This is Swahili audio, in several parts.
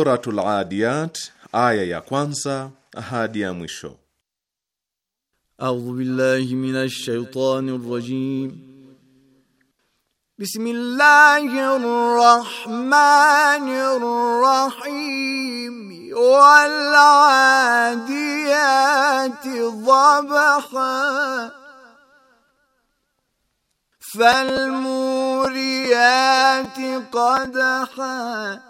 Suratul Adiyat aya ya kwanza hadi ya mwisho. A'udhu billahi minash shaitanir rajim. Bismillahir rahmanir rahim. Wal 'adiyati dhabha. Falmuriyati قدحا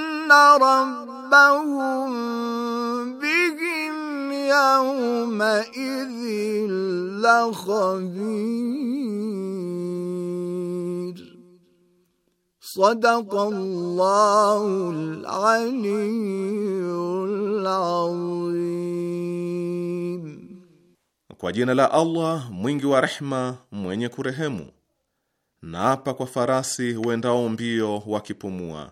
ربهم بهم يومئذ لخبير صدق الله العلي العظيم Kwa jina la Allah mwingi wa rehma mwenye kurehemu, naapa kwa farasi wendao mbio wakipumua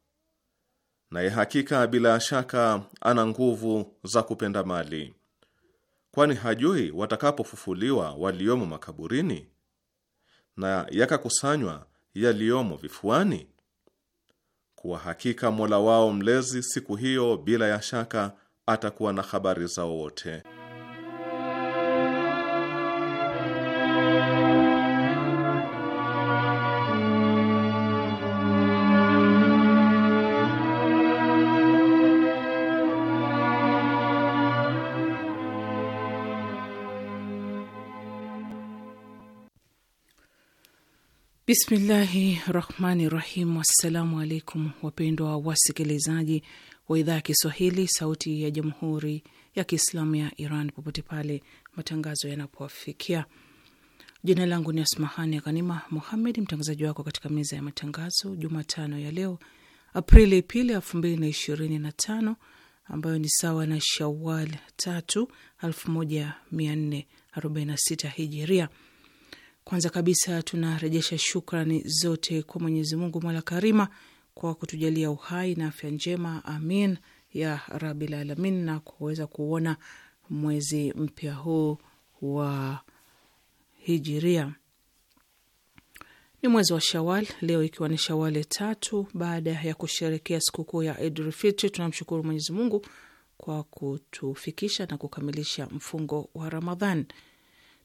naye hakika bila shaka ana nguvu za kupenda mali, kwani hajui watakapofufuliwa waliomo makaburini na yakakusanywa yaliyomo vifuani. Kwa hakika Mola wao mlezi siku hiyo bila ya shaka atakuwa na habari zao wote. Bismillahi rahmani rahim. Wassalamu alaikum, wapendwa wasikilizaji wa idhaa ya Kiswahili sauti ya jamhuri ya Kiislamu ya Iran, popote pale matangazo yanapowafikia. Jina langu ni Asmahani Ghanima Muhammed, mtangazaji wako katika meza ya matangazo Jumatano ya leo Aprili pili elfu mbili na ishirini na tano ambayo ni sawa na Shawal tatu elfu moja mia nne arobaini na sita hijiria kwanza kabisa tunarejesha shukrani zote kwa Mwenyezi Mungu mola karima kwa kutujalia uhai na afya njema, amin ya rabil alamin, na kuweza kuona mwezi mpya huu wa hijiria. Ni mwezi wa Shawal, leo ikiwa ni shawali tatu baada ya kusherekea sikukuu ya Idul Fitri. Tunamshukuru Mwenyezi Mungu kwa kutufikisha na kukamilisha mfungo wa Ramadhan.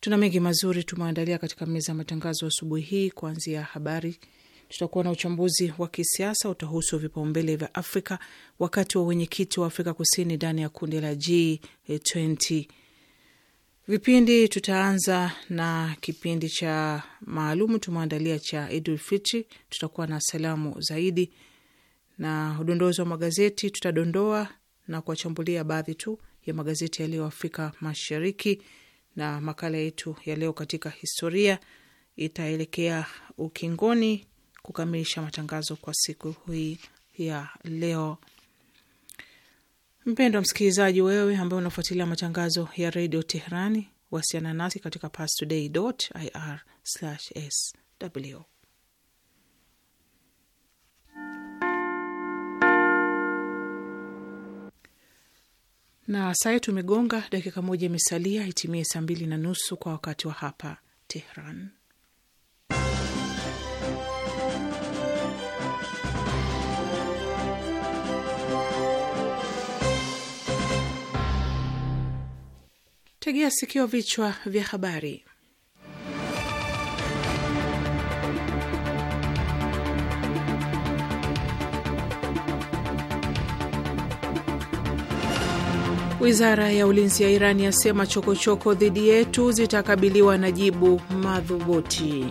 Tuna mengi mazuri tumeandalia katika meza ya matangazo asubuhi hii. Kuanzia habari, tutakuwa na uchambuzi wa kisiasa utahusu vipaumbele vya Afrika wakati wa wenyekiti wa Afrika Kusini ndani ya kundi la G20. Vipindi tutaanza na kipindi cha maalumu tumeandalia cha Idul Fitri. Tutakuwa na salamu zaidi na udondozi wa magazeti, tutadondoa na kuwachambulia baadhi tu ya magazeti yaliyo Afrika Mashariki na makala yetu ya leo katika historia itaelekea ukingoni kukamilisha matangazo kwa siku hii ya leo. Mpendwa msikilizaji, wewe ambaye unafuatilia matangazo ya redio Teherani, wasiana nasi katika pastoday.ir/sw na saa yetu imegonga dakika moja imesalia itimie saa mbili na nusu kwa wakati wa hapa Tehran. Tegea sikio, vichwa vya habari. Wizara ya ulinzi ya Iran yasema chokochoko dhidi yetu zitakabiliwa na jibu madhubuti.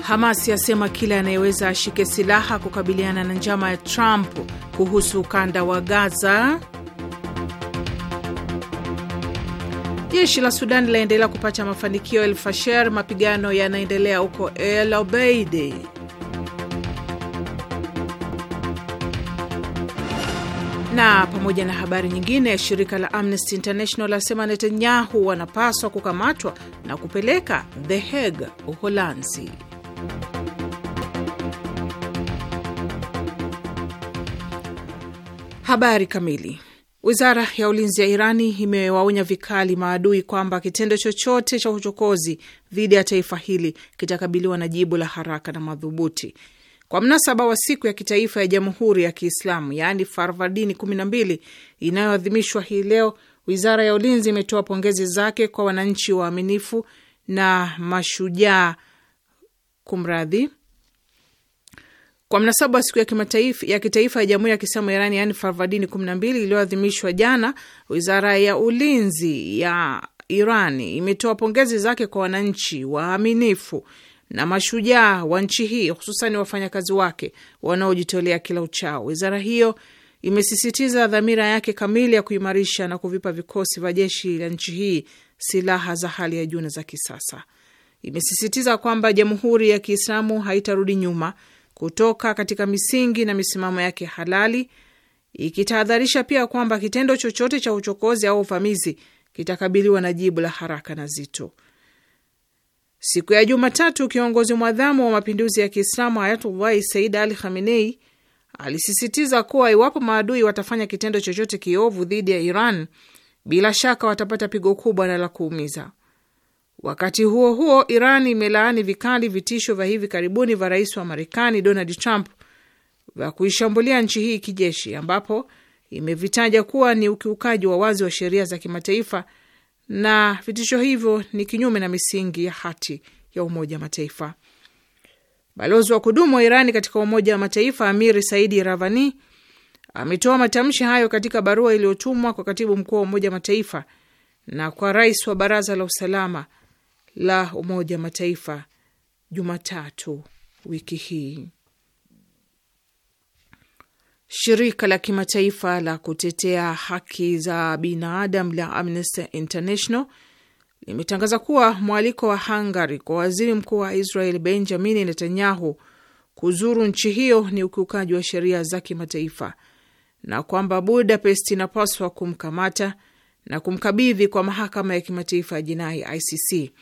Hamas yasema kila anayeweza ashike silaha kukabiliana na njama ya Trump kuhusu ukanda wa Gaza. Jeshi la Sudan linaendelea kupata mafanikio El Fasher, mapigano yanaendelea huko El Obeidi. na pamoja na habari nyingine, shirika la Amnesty International lasema Netanyahu wanapaswa kukamatwa na kupeleka The Hague, Uholanzi. Habari kamili. Wizara ya ulinzi ya Irani imewaonya vikali maadui kwamba kitendo chochote cha uchokozi dhidi ya taifa hili kitakabiliwa na jibu la haraka na madhubuti. Kwa mnasaba wa siku ya kitaifa ya Jamhuri ya Kiislamu, yaani Farvardini 12 inayoadhimishwa hii leo, wizara ya ulinzi imetoa pongezi zake kwa wananchi waaminifu na mashujaa. Kumradhi, kwa mnasaba wa siku ya kimataifa ya kitaifa ya Jamhuri ya Kiislamu ya Irani, yaani Farvardini 12 iliyoadhimishwa jana, wizara ya ulinzi ya Irani imetoa pongezi zake kwa wananchi waaminifu na mashujaa wa nchi hii, hususan wafanyakazi wake wanaojitolea kila uchao. Wizara hiyo imesisitiza dhamira yake kamili ya kuimarisha na kuvipa vikosi vya jeshi la nchi hii silaha za hali ya juu na za kisasa. Imesisitiza kwamba Jamhuri ya Kiislamu haitarudi nyuma kutoka katika misingi na misimamo yake halali, ikitahadharisha pia kwamba kitendo chochote cha uchokozi au uvamizi kitakabiliwa na jibu la haraka na zito. Siku ya Jumatatu, kiongozi mwadhamu wa mapinduzi ya Kiislamu Ayatullahi Said Ali Khamenei alisisitiza kuwa iwapo maadui watafanya kitendo chochote kiovu dhidi ya Iran, bila shaka watapata pigo kubwa na la kuumiza. Wakati huo huo, Iran imelaani vikali vitisho vya hivi karibuni vya rais wa Marekani Donald Trump vya kuishambulia nchi hii kijeshi, ambapo imevitaja kuwa ni ukiukaji wa wazi wa sheria za kimataifa na vitisho hivyo ni kinyume na misingi ya hati ya Umoja wa Mataifa. Balozi wa kudumu wa Irani katika Umoja wa Mataifa Amiri Saidi Ravani ametoa matamshi hayo katika barua iliyotumwa kwa katibu mkuu wa Umoja wa Mataifa na kwa rais wa Baraza la Usalama la Umoja wa Mataifa Jumatatu wiki hii. Shirika la kimataifa la kutetea haki za binadamu la Amnesty International limetangaza kuwa mwaliko wa Hungary kwa waziri mkuu wa Israel Benjamin Netanyahu kuzuru nchi hiyo ni ukiukaji wa sheria za kimataifa na kwamba Budapest inapaswa kumkamata na kumkabidhi kwa mahakama ya kimataifa ya jinai ICC.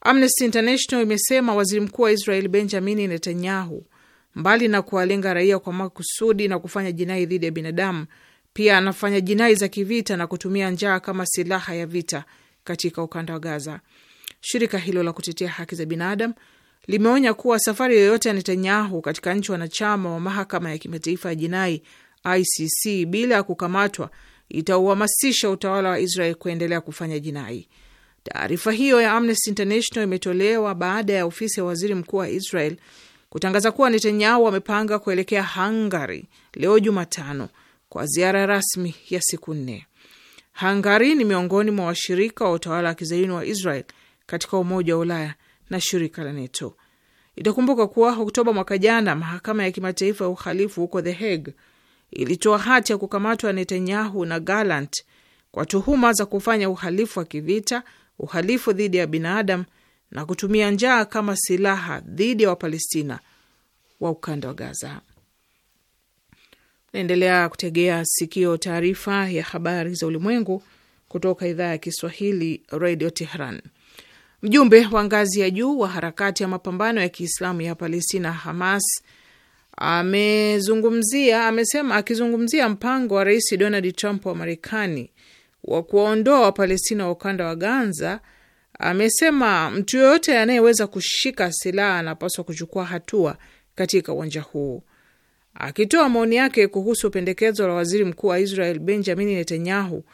Amnesty International imesema waziri mkuu wa Israel Benjamin Netanyahu mbali na kuwalenga raia kwa makusudi na kufanya jinai dhidi ya binadamu, pia anafanya jinai za kivita na kutumia njaa kama silaha ya vita katika ukanda wa Gaza. Shirika hilo la kutetea haki za binadamu limeonya kuwa safari yoyote ya Netanyahu katika nchi wanachama wa mahakama ya kimataifa ya jinai ICC bila ya kukamatwa itauhamasisha utawala wa Israel kuendelea kufanya jinai. Taarifa hiyo ya Amnesty International imetolewa baada ya ofisi ya waziri mkuu wa Israel kutangaza kuwa Netanyahu amepanga kuelekea Hungary leo Jumatano kwa ziara rasmi ya siku nne. Hungary ni miongoni mwa washirika wa utawala wa kizaini wa Israel katika Umoja wa Ulaya na shirika la NATO. Itakumbuka kuwa Oktoba mwaka jana, mahakama ya kimataifa ya uhalifu huko The Hague ilitoa hati ya kukamatwa Netanyahu na Gallant kwa tuhuma za kufanya uhalifu wa kivita, uhalifu dhidi ya binadamu na kutumia njaa kama silaha dhidi ya Wapalestina wa ukanda wa Gaza. Naendelea kutegea sikio taarifa ya habari za ulimwengu kutoka idhaa ya Kiswahili, Radio Tehran. Mjumbe wa ngazi ya juu wa harakati ya mapambano ya Kiislamu ya Palestina, Hamas, amezungumzia amesema, akizungumzia mpango wa Rais Donald Trump wa Marekani wa kuwaondoa Wapalestina wa ukanda wa Gaza amesema mtu yoyote anayeweza kushika silaha anapaswa kuchukua hatua katika uwanja huu. Akitoa maoni yake kuhusu pendekezo la waziri mkuu wa Israel Benjamin Netanyahu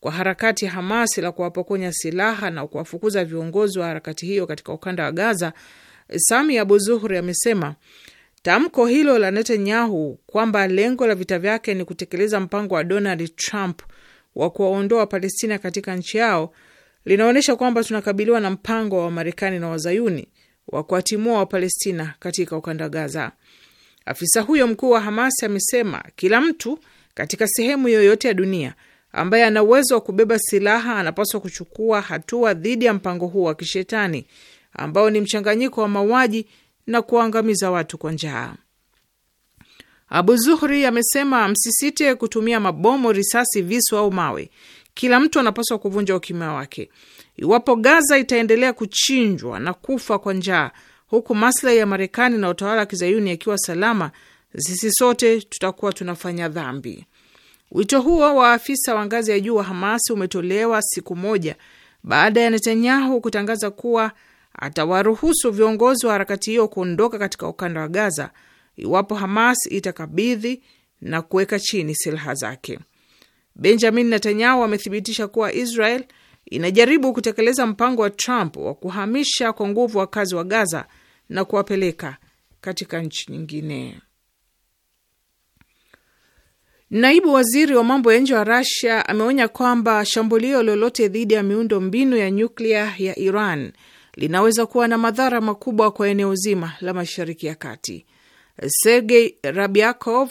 kwa harakati Hamas la kuwapokonya silaha na kuwafukuza viongozi wa harakati hiyo katika ukanda wa Gaza, Sami Abu Zuhri amesema tamko hilo la Netanyahu kwamba lengo la vita vyake ni kutekeleza mpango wa Donald Trump wa kuwaondoa Wapalestina katika nchi yao linaonyesha kwamba tunakabiliwa na mpango wa Wamarekani na Wazayuni wa kuwatimua Wapalestina katika ukanda Gaza. Afisa huyo mkuu wa Hamas amesema kila mtu katika sehemu yoyote ya dunia ambaye ana uwezo wa kubeba silaha anapaswa kuchukua hatua dhidi ya mpango huo wa kishetani ambao ni mchanganyiko wa mauaji na kuwaangamiza watu kwa njaa. Abu Zuhri amesema msisite kutumia mabomu, risasi, visu au mawe kila mtu anapaswa kuvunja ukimya wake. Iwapo Gaza itaendelea kuchinjwa na kufa kwa njaa, huku maslahi ya Marekani na utawala wa kizayuni yakiwa salama, sisi sote tutakuwa tunafanya dhambi. Wito huo wa afisa wa ngazi ya juu wa Hamas umetolewa siku moja baada ya Netanyahu kutangaza kuwa atawaruhusu viongozi wa harakati hiyo kuondoka katika ukanda wa Gaza iwapo Hamas itakabidhi na kuweka chini silaha zake. Benjamin Netanyahu amethibitisha kuwa Israel inajaribu kutekeleza mpango wa Trump wa kuhamisha kwa nguvu wakazi wa Gaza na kuwapeleka katika nchi nyingine. Naibu waziri wa mambo ya nje wa rasia ameonya kwamba shambulio lolote dhidi ya miundo mbinu ya nyuklia ya Iran linaweza kuwa na madhara makubwa kwa eneo zima la Mashariki ya Kati. Sergei Rabiakov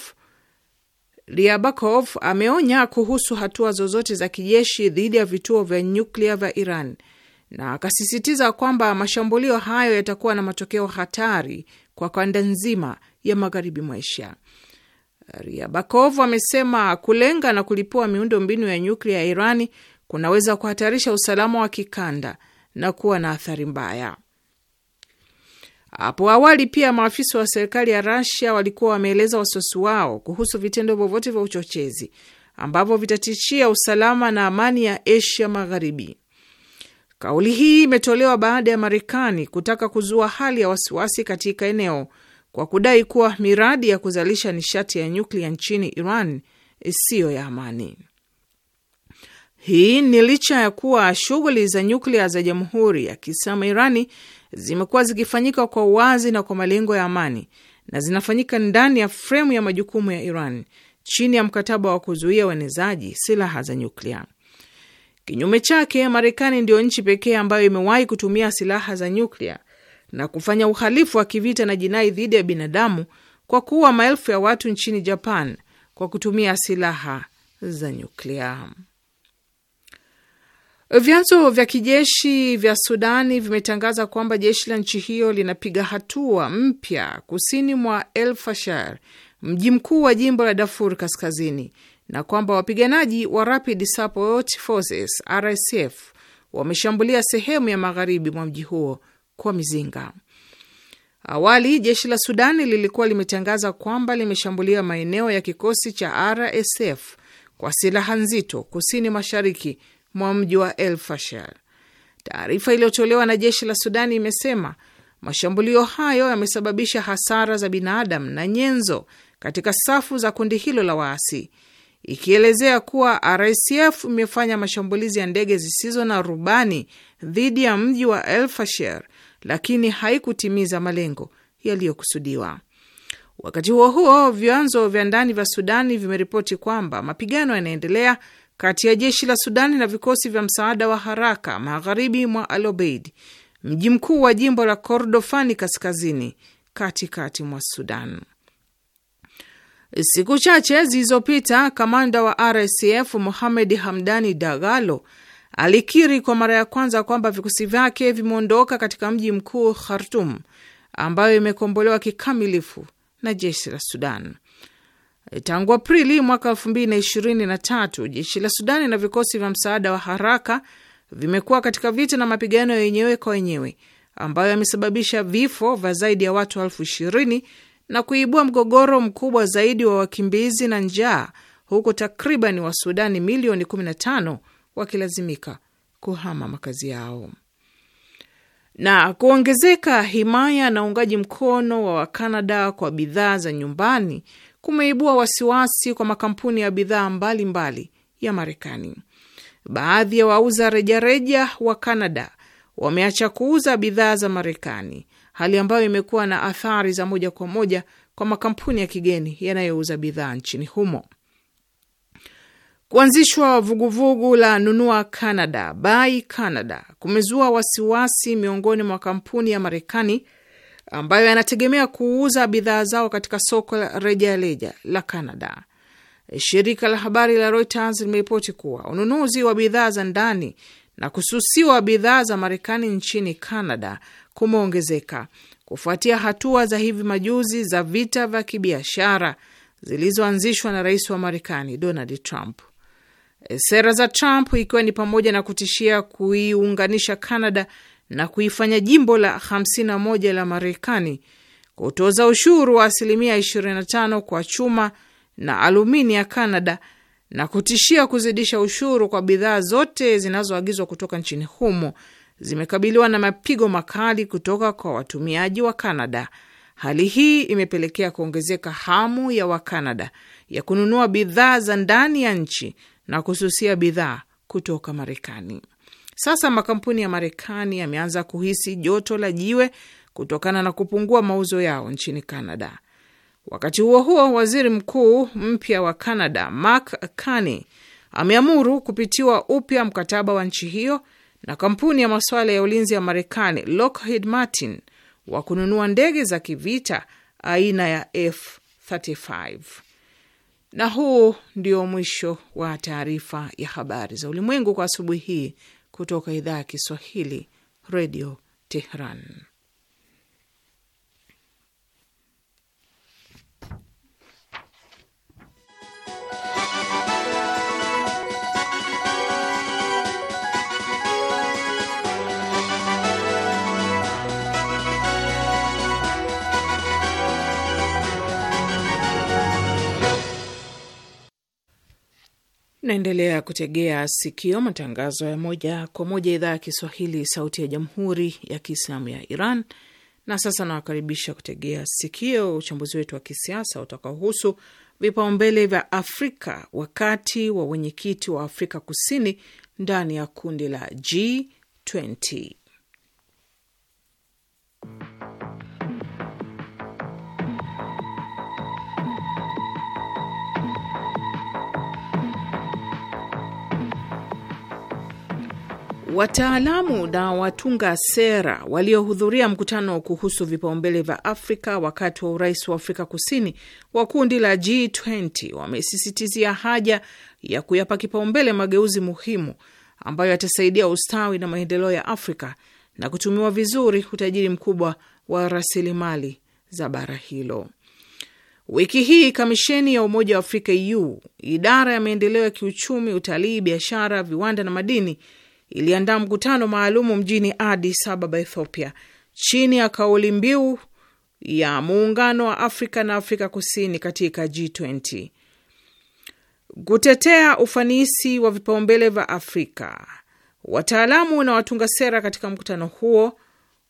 Liabakov ameonya kuhusu hatua zozote za kijeshi dhidi ya vituo vya nyuklia vya Iran na akasisitiza kwamba mashambulio hayo yatakuwa na matokeo hatari kwa kanda nzima ya magharibi mwa Asia. Riabakov amesema kulenga na kulipua miundo mbinu ya nyuklia ya Irani kunaweza kuhatarisha usalama wa kikanda na kuwa na athari mbaya. Hapo awali pia maafisa wa serikali ya Rasia walikuwa wameeleza wasiwasi wao kuhusu vitendo vyovyote vya uchochezi ambavyo vitatishia usalama na amani ya Asia Magharibi. Kauli hii imetolewa baada ya Marekani kutaka kuzua hali ya wasiwasi katika eneo kwa kudai kuwa miradi ya kuzalisha nishati ya nyuklia nchini Iran isiyo ya amani. Hii ni licha ya kuwa shughuli za nyuklia za Jamhuri ya Kiislamu Irani zimekuwa zikifanyika kwa uwazi na kwa malengo ya amani na zinafanyika ndani ya fremu ya majukumu ya Iran chini ya mkataba wa kuzuia uenezaji silaha za nyuklia. Kinyume chake, Marekani ndiyo nchi pekee ambayo imewahi kutumia silaha za nyuklia na kufanya uhalifu wa kivita na jinai dhidi ya binadamu kwa kuua maelfu ya watu nchini Japan kwa kutumia silaha za nyuklia. Vyanzo vya kijeshi vya Sudani vimetangaza kwamba jeshi la nchi hiyo linapiga hatua mpya kusini mwa El Fashar, mji mkuu wa jimbo la Darfur Kaskazini, na kwamba wapiganaji wa Rapid Support Forces RSF wameshambulia sehemu ya magharibi mwa mji huo kwa mizinga. Awali jeshi la Sudani lilikuwa limetangaza kwamba limeshambulia maeneo ya kikosi cha RSF kwa silaha nzito kusini mashariki mwa mji wa El Fasher. Taarifa iliyotolewa na jeshi la Sudani imesema mashambulio hayo yamesababisha hasara za binadamu na nyenzo katika safu za kundi hilo la waasi, ikielezea kuwa RSF imefanya mashambulizi ya ndege zisizo na rubani dhidi ya mji wa El Fasher, lakini haikutimiza malengo yaliyokusudiwa. Wakati huo huo, vyanzo vya ndani vya Sudani vimeripoti kwamba mapigano yanaendelea kati ya jeshi la Sudani na vikosi vya msaada wa haraka magharibi mwa Alobeid, mji mkuu wa jimbo la Kordofani kaskazini katikati mwa Sudan. Siku chache zilizopita, kamanda wa RSF Mohamed Hamdani Dagalo alikiri kwa mara ya kwanza kwamba vikosi vyake vimeondoka katika mji mkuu Khartum, ambayo imekombolewa kikamilifu na jeshi la Sudan. E, tangu Aprili mwaka elfu mbili na ishirini na tatu, jeshi la Sudani na vikosi vya msaada wa haraka vimekuwa katika vita na mapigano ya wenyewe kwa wenyewe ambayo yamesababisha vifo vya zaidi ya watu elfu ishirini na kuibua mgogoro mkubwa zaidi wa wakimbizi na njaa, huku takriban Wasudani milioni 15 wakilazimika kuhama makazi yao na kuongezeka himaya na uungaji mkono wa Wakanada kwa bidhaa za nyumbani kumeibua wasiwasi kwa makampuni ya bidhaa mbalimbali ya Marekani. Baadhi ya wauza rejareja wa Kanada wameacha kuuza bidhaa za Marekani, hali ambayo imekuwa na athari za moja kwa moja kwa makampuni ya kigeni yanayouza bidhaa nchini humo. Kuanzishwa vuguvugu la nunua Canada, buy Canada kumezua wasiwasi miongoni mwa kampuni ya Marekani ambayo yanategemea kuuza bidhaa zao katika soko la rejareja la Canada. Shirika la habari la Reuters limeripoti kuwa ununuzi wa bidhaa za ndani na kususiwa bidhaa za Marekani nchini Canada kumeongezeka kufuatia hatua za hivi majuzi za vita vya kibiashara zilizoanzishwa na rais wa Marekani Donald Trump. Sera za Trump ikiwa ni pamoja na kutishia kuiunganisha Canada na kuifanya jimbo la 51 la Marekani kutoza ushuru wa asilimia 25 kwa chuma na alumini ya Canada na kutishia kuzidisha ushuru kwa bidhaa zote zinazoagizwa kutoka nchini humo zimekabiliwa na mapigo makali kutoka kwa watumiaji wa Canada. Hali hii imepelekea kuongezeka hamu ya Wakanada ya kununua bidhaa za ndani ya nchi na kususia bidhaa kutoka Marekani. Sasa makampuni ya Marekani yameanza kuhisi joto la jiwe kutokana na kupungua mauzo yao nchini Canada. Wakati huo huo, waziri mkuu mpya wa Canada Mark Carney ameamuru kupitiwa upya mkataba wa nchi hiyo na kampuni ya masuala ya ulinzi ya Marekani Lockheed Martin wa kununua ndege za kivita aina ya F35. Na huu ndio mwisho wa taarifa ya habari za ulimwengu kwa asubuhi hii kutoka idhaa ya Kiswahili, Redio Tehran. Naendelea kutegea sikio matangazo ya moja kwa moja idhaa ya Kiswahili, sauti ya jamhuri ya kiislamu ya Iran. Na sasa nawakaribisha kutegea sikio uchambuzi wetu wa kisiasa utakaohusu vipaumbele vya Afrika wakati wa wenyekiti wa Afrika Kusini ndani ya kundi la G20. Wataalamu na watunga sera waliohudhuria mkutano kuhusu vipaumbele vya Afrika wakati wa urais wa Afrika Kusini wa kundi la G20 wamesisitizia haja ya kuyapa kipaumbele mageuzi muhimu ambayo yatasaidia ustawi na maendeleo ya Afrika na kutumiwa vizuri utajiri mkubwa wa rasilimali za bara hilo. Wiki hii kamisheni ya Umoja wa Afrika, EU, idara ya maendeleo ya kiuchumi, utalii, biashara, viwanda na madini iliandaa mkutano maalumu mjini Addis Ababa, Ethiopia, chini ya kauli mbiu ya muungano wa Afrika na Afrika Kusini katika G20, kutetea ufanisi wa vipaumbele vya Afrika. Wataalamu na watunga sera katika mkutano huo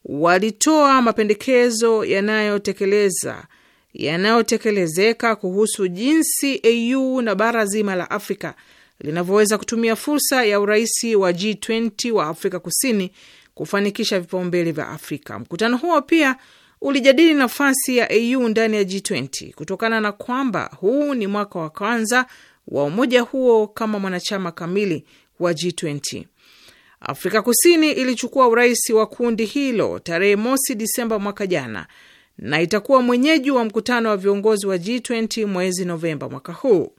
walitoa mapendekezo yanayotekeleza yanayotekelezeka kuhusu jinsi AU na bara zima la Afrika linavyoweza kutumia fursa ya urais wa G20 wa Afrika Kusini kufanikisha vipaumbele vya Afrika. Mkutano huo pia ulijadili nafasi ya AU ndani ya G20 kutokana na kwamba huu ni mwaka wa kwanza wa umoja huo kama mwanachama kamili wa G20. Afrika Kusini ilichukua urais wa kundi hilo tarehe mosi Disemba mwaka jana na itakuwa mwenyeji wa mkutano wa viongozi wa G20 mwezi Novemba mwaka huu.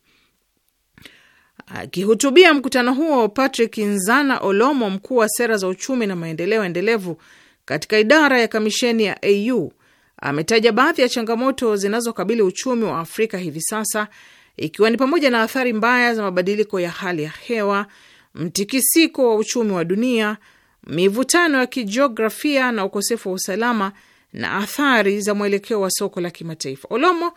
Akihutubia mkutano huo, Patrick Nzana Olomo, mkuu wa sera za uchumi na maendeleo endelevu katika idara ya kamisheni ya AU, ametaja baadhi ya changamoto zinazokabili uchumi wa Afrika hivi sasa, ikiwa ni pamoja na athari mbaya za mabadiliko ya hali ya hewa, mtikisiko wa uchumi wa dunia, mivutano ya kijiografia na ukosefu wa usalama na athari za mwelekeo wa soko la kimataifa. Olomo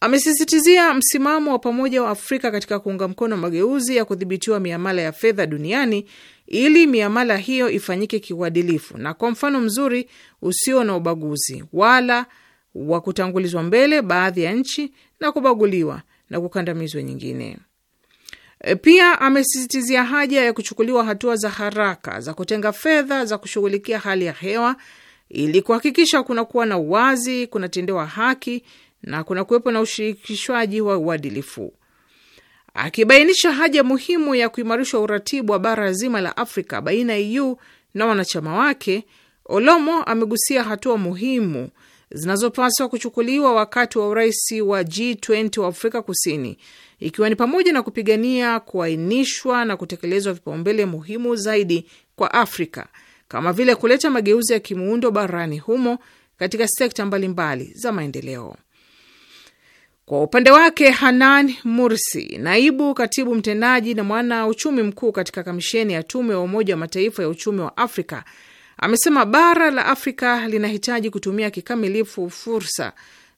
Amesisitizia msimamo wa pamoja wa Afrika katika kuunga mkono mageuzi ya kudhibitiwa miamala ya fedha duniani ili miamala hiyo ifanyike kiuadilifu na kwa mfano mzuri usio na ubaguzi wala wa kutangulizwa mbele baadhi ya nchi na kubaguliwa na kukandamizwa nyingine. E, pia amesisitizia haja ya kuchukuliwa hatua za haraka za kutenga fedha za kushughulikia hali ya hewa ili kuhakikisha kunakuwa na uwazi, kunatendewa haki na kuna kuwepo na ushirikishwaji wa uadilifu. Akibainisha haja muhimu ya kuimarishwa uratibu wa bara zima la Afrika baina ya EU na wanachama wake, Olomo amegusia hatua muhimu zinazopaswa kuchukuliwa wakati wa urais wa G20 wa Afrika Kusini, ikiwa ni pamoja na kupigania kuainishwa na kutekelezwa vipaumbele muhimu zaidi kwa Afrika kama vile kuleta mageuzi ya kimuundo barani humo katika sekta mbalimbali za maendeleo. Kwa upande wake Hanan Mursi, naibu katibu mtendaji na mwana uchumi mkuu katika kamisheni ya tume wa Umoja wa Mataifa ya uchumi wa Afrika, amesema bara la Afrika linahitaji kutumia kikamilifu fursa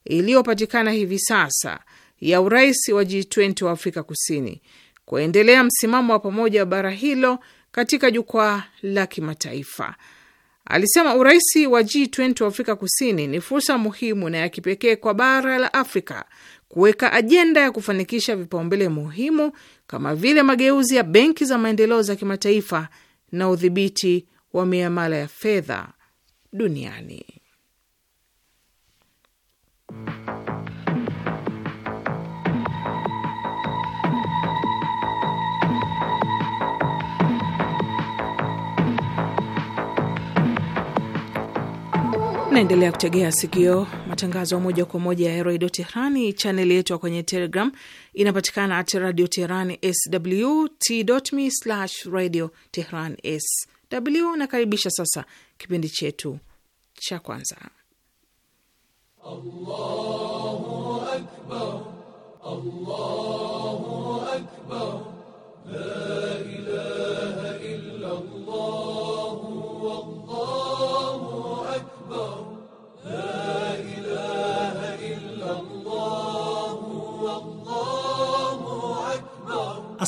iliyopatikana hivi sasa ya urais wa G20 wa Afrika Kusini kuendelea msimamo wa pamoja wa bara hilo katika jukwaa la kimataifa. Alisema urais wa G20 wa Afrika Kusini ni fursa muhimu na ya kipekee kwa bara la Afrika kuweka ajenda ya kufanikisha vipaumbele muhimu kama vile mageuzi ya benki za maendeleo za kimataifa na udhibiti wa miamala ya fedha duniani. Naendelea kutegea sikio matangazo moja kwa moja ya redio Tehrani. Chaneli yetu ya kwenye Telegram inapatikana at radio Tehran sw t.me slash radio Tehran sw. Nakaribisha sasa kipindi chetu cha kwanza. Allahu Akbar, Allahu Akbar.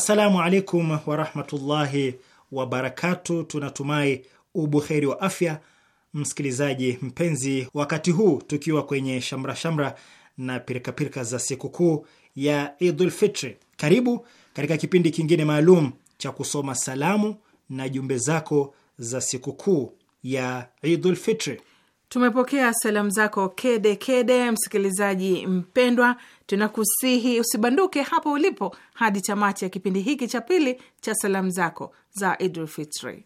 Assalamu alaikum warahmatullahi wabarakatu. Tunatumai ubuheri wa afya, msikilizaji mpenzi, wakati huu tukiwa kwenye shamrashamra -shamra na pirikapirika za sikukuu ya Idul Fitri. Karibu katika kipindi kingine maalum cha kusoma salamu na jumbe zako za sikukuu ya Idul Fitri. Tumepokea salamu zako kede kede, msikilizaji mpendwa, tunakusihi usibanduke hapo ulipo hadi tamati ya kipindi hiki cha pili cha salamu zako za Idul Fitri.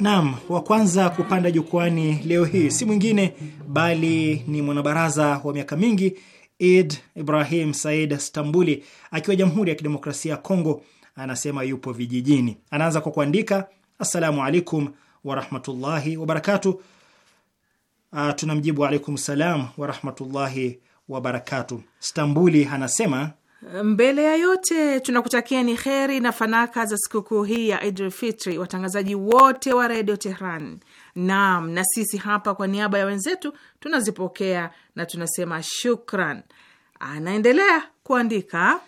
Naam, wa kwanza kupanda jukwani leo hii si mwingine bali ni mwanabaraza wa miaka mingi id Ibrahim Said Stambuli akiwa Jamhuri ya Kidemokrasia ya Kongo. Anasema yupo vijijini. Anaanza kwa kuandika assalamu alaikum warahmatullahi wabarakatu. Ah, tunamjibu alaikum salam warahmatullahi wabarakatu. Stambuli anasema mbele ya yote tunakutakia ni kheri na fanaka za sikukuu hii ya Idul Fitri, watangazaji wote wa redio Tehran. Naam, na sisi hapa kwa niaba ya wenzetu tunazipokea na tunasema shukran. Anaendelea kuandika,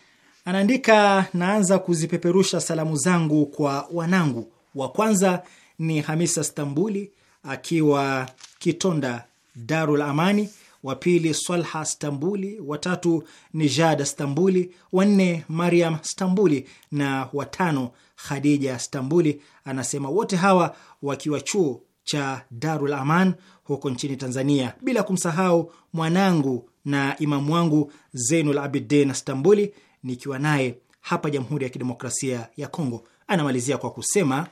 anaandika, naanza kuzipeperusha salamu zangu kwa wanangu. Wa kwanza ni Hamisa Stambuli akiwa Kitonda, Darul Amani wa pili Swalha Stambuli, watatu Nijada Stambuli, wanne Mariam Stambuli na watano Khadija Stambuli. Anasema wote hawa wakiwa chuo cha Darul Aman huko nchini Tanzania, bila kumsahau mwanangu na imamu wangu Zeinul Abidin Stambuli nikiwa naye hapa Jamhuri ya Kidemokrasia ya Kongo. Anamalizia kwa kusema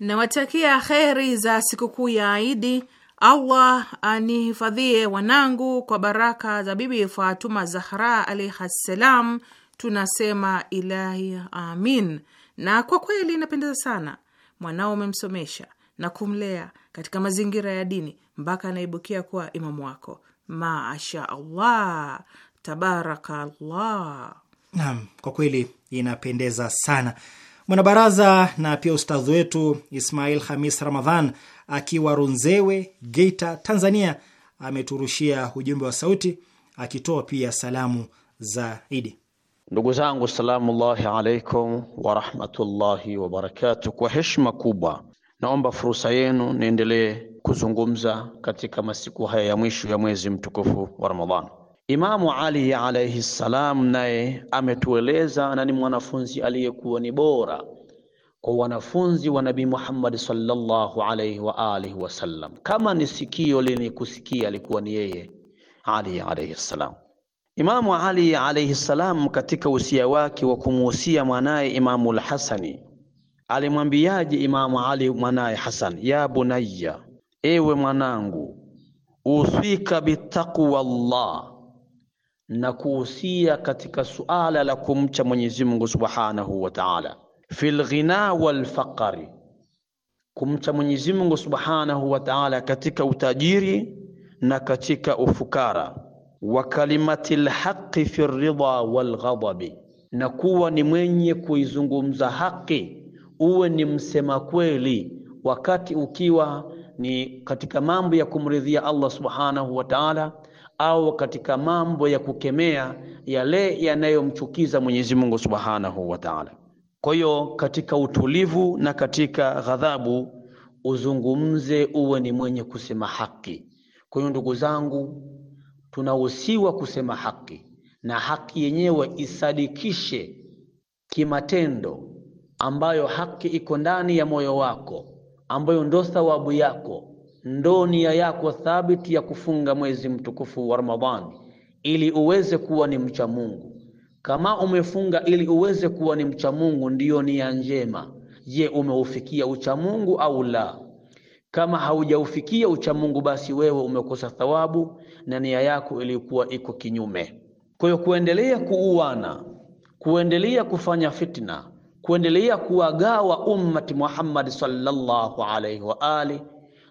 nawatakia heri za sikukuu ya Aidi Allah anihifadhie wanangu kwa baraka za Bibi Fatuma Zahra alaihi ssalam. Tunasema ilahi amin. Na kwa kweli inapendeza sana, mwanao umemsomesha na kumlea katika mazingira ya dini mpaka anaibukia kuwa imamu wako. Masha Allah, tabaraka Allah. Naam, kwa kweli inapendeza sana. Mwanabaraza na pia ustadhi wetu Ismail Hamis Ramadhan akiwa Runzewe, Geita, Tanzania, ameturushia ujumbe wa sauti akitoa pia salamu za Idi. Ndugu zangu, salamullahi alaikum warahmatullahi wabarakatu Kwa heshima kubwa naomba fursa yenu niendelee kuzungumza katika masiku haya ya mwisho ya mwezi mtukufu wa Ramadhani. Imamu Ali alayhi salam naye ametueleza na ni mwanafunzi aliyekuwa ni bora kwa wanafunzi wa Nabii Muhammad sallallahu alayhi wa alihi wasallam, kama ni sikio lini kusikia alikuwa ni yeye Ali alayhi salam. Imamu Ali alaihi salam katika usia wake wa kumuhusia mwanaye Imamu al-Hasani alimwambiaje Imamu Ali mwanaye Hasan, ya bunayya, ewe mwanangu, usika bitaqwa Allah na kuhusia katika suala la kumcha Mwenyezi Mungu Subhanahu wa Ta'ala, fil ghina wal faqri, kumcha Mwenyezi Mungu Subhanahu wa Ta'ala katika utajiri na katika ufukara, wa kalimatil haqqi fir ridha wal ghadabi, na kuwa ni mwenye kuizungumza haki, uwe ni msema kweli wakati ukiwa ni katika mambo ya kumridhia Allah Subhanahu wa Ta'ala au katika mambo ya kukemea yale yanayomchukiza Mwenyezi Mungu Subhanahu wa Ta'ala. Kwa hiyo katika utulivu na katika ghadhabu uzungumze, uwe ni mwenye kusema haki. Kwa hiyo ndugu zangu, tunahusiwa kusema haki na haki yenyewe isadikishe kimatendo, ambayo haki iko ndani ya moyo wako, ambayo ndo thawabu yako ndo nia yako thabiti ya kufunga mwezi mtukufu wa Ramadhani ili uweze kuwa ni mcha Mungu. Kama umefunga ili uweze kuwa ni mcha Mungu, ndiyo nia njema. Je, umeufikia ucha Mungu au la? Kama haujaufikia ucha Mungu, basi wewe umekosa thawabu na nia yako ilikuwa iko kinyume. Kwa hiyo kuendelea kuuana, kuendelea kufanya fitna, kuendelea kuwagawa ummati Muhammad sallallahu alaihi wa alihi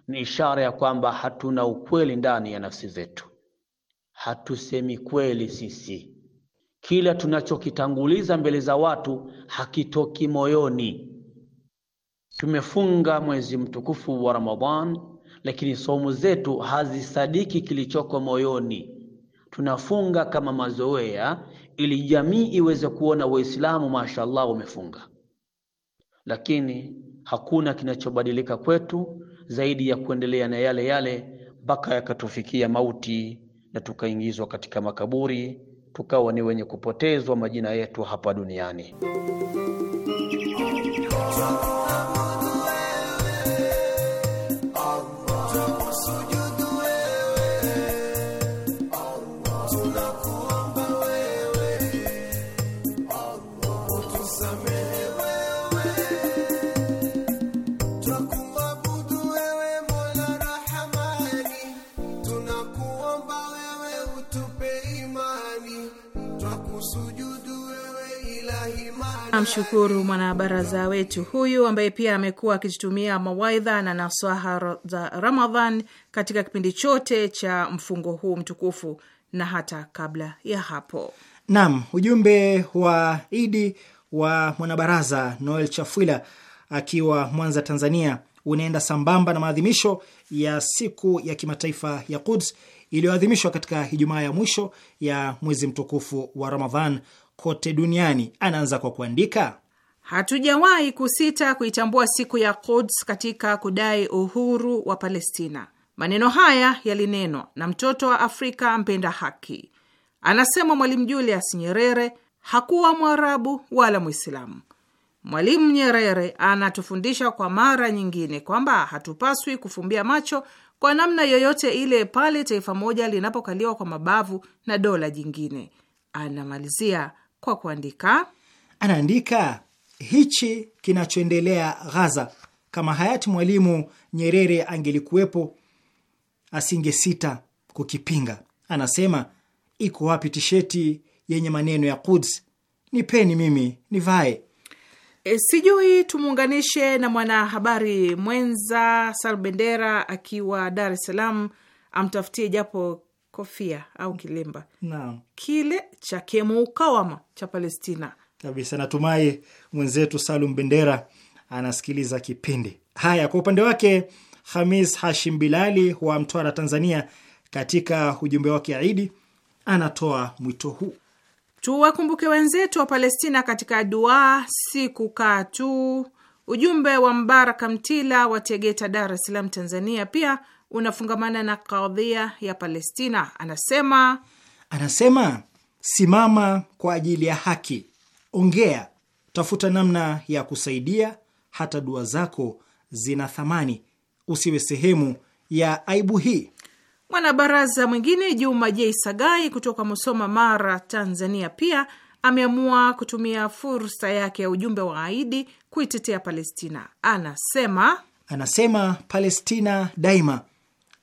ni ishara ya kwamba hatuna ukweli ndani ya nafsi zetu, hatusemi kweli sisi. Kila tunachokitanguliza mbele za watu hakitoki moyoni. Tumefunga mwezi mtukufu wa Ramadhan, lakini somo zetu hazisadiki kilichoko moyoni. Tunafunga kama mazoea ili jamii iweze kuona Waislamu mashallah wamefunga, lakini hakuna kinachobadilika kwetu zaidi ya kuendelea na yale yale mpaka yakatufikia mauti na tukaingizwa katika makaburi tukawa ni wenye kupotezwa majina yetu hapa duniani. Namshukuru mwanabaraza wetu huyu ambaye pia amekuwa akijitumia mawaidha na naswaha za Ramadhan katika kipindi chote cha mfungo huu mtukufu na hata kabla ya hapo. Naam, ujumbe wa Idi wa mwanabaraza Noel Chafwila akiwa Mwanza, Tanzania unaenda sambamba na maadhimisho ya siku ya kimataifa ya Quds iliyoadhimishwa katika Ijumaa ya mwisho ya mwezi mtukufu wa Ramadhan kote duniani. Anaanza kwa kuandika, hatujawahi kusita kuitambua siku ya Quds katika kudai uhuru wa Palestina. Maneno haya yalinenwa na mtoto wa Afrika mpenda haki. Anasema Mwalimu Julius Nyerere hakuwa Mwarabu wala Mwislamu. Mwalimu Nyerere anatufundisha kwa mara nyingine kwamba hatupaswi kufumbia macho kwa namna yoyote ile pale taifa moja linapokaliwa kwa mabavu na dola jingine. Anamalizia kwa kuandika, anaandika hichi kinachoendelea Ghaza, kama hayati Mwalimu Nyerere angelikuwepo asingesita kukipinga. Anasema, iko wapi tisheti yenye maneno ya Quds? Nipeni mimi nivae. E, sijui tumuunganishe na mwanahabari mwenza Sal Bendera akiwa Dar es Salaam, amtafutie japo kofia au kilemba no. kile cha kemuukawama cha Palestina kabisa. Natumai mwenzetu Salum Bendera anasikiliza kipindi. Haya, kwa upande wake Hamis Hashim Bilali wa Mtwara, Tanzania, katika ujumbe wake Aidi anatoa mwito huu tuwakumbuke wenzetu wa Palestina katika dua, si kukaa tu. Ujumbe wa Mbaraka Mtila wa Tegeta, Dar es Salaam, Tanzania, pia unafungamana na kadhia ya Palestina. Anasema, anasema simama kwa ajili ya haki, ongea, tafuta namna ya kusaidia. Hata dua zako zina thamani, usiwe sehemu ya aibu hii. Mwanabaraza mwingine Juma J Sagai kutoka Musoma, Mara, Tanzania, pia ameamua kutumia fursa yake ya ujumbe wa Aidi kuitetea Palestina. Anasema anasema Palestina daima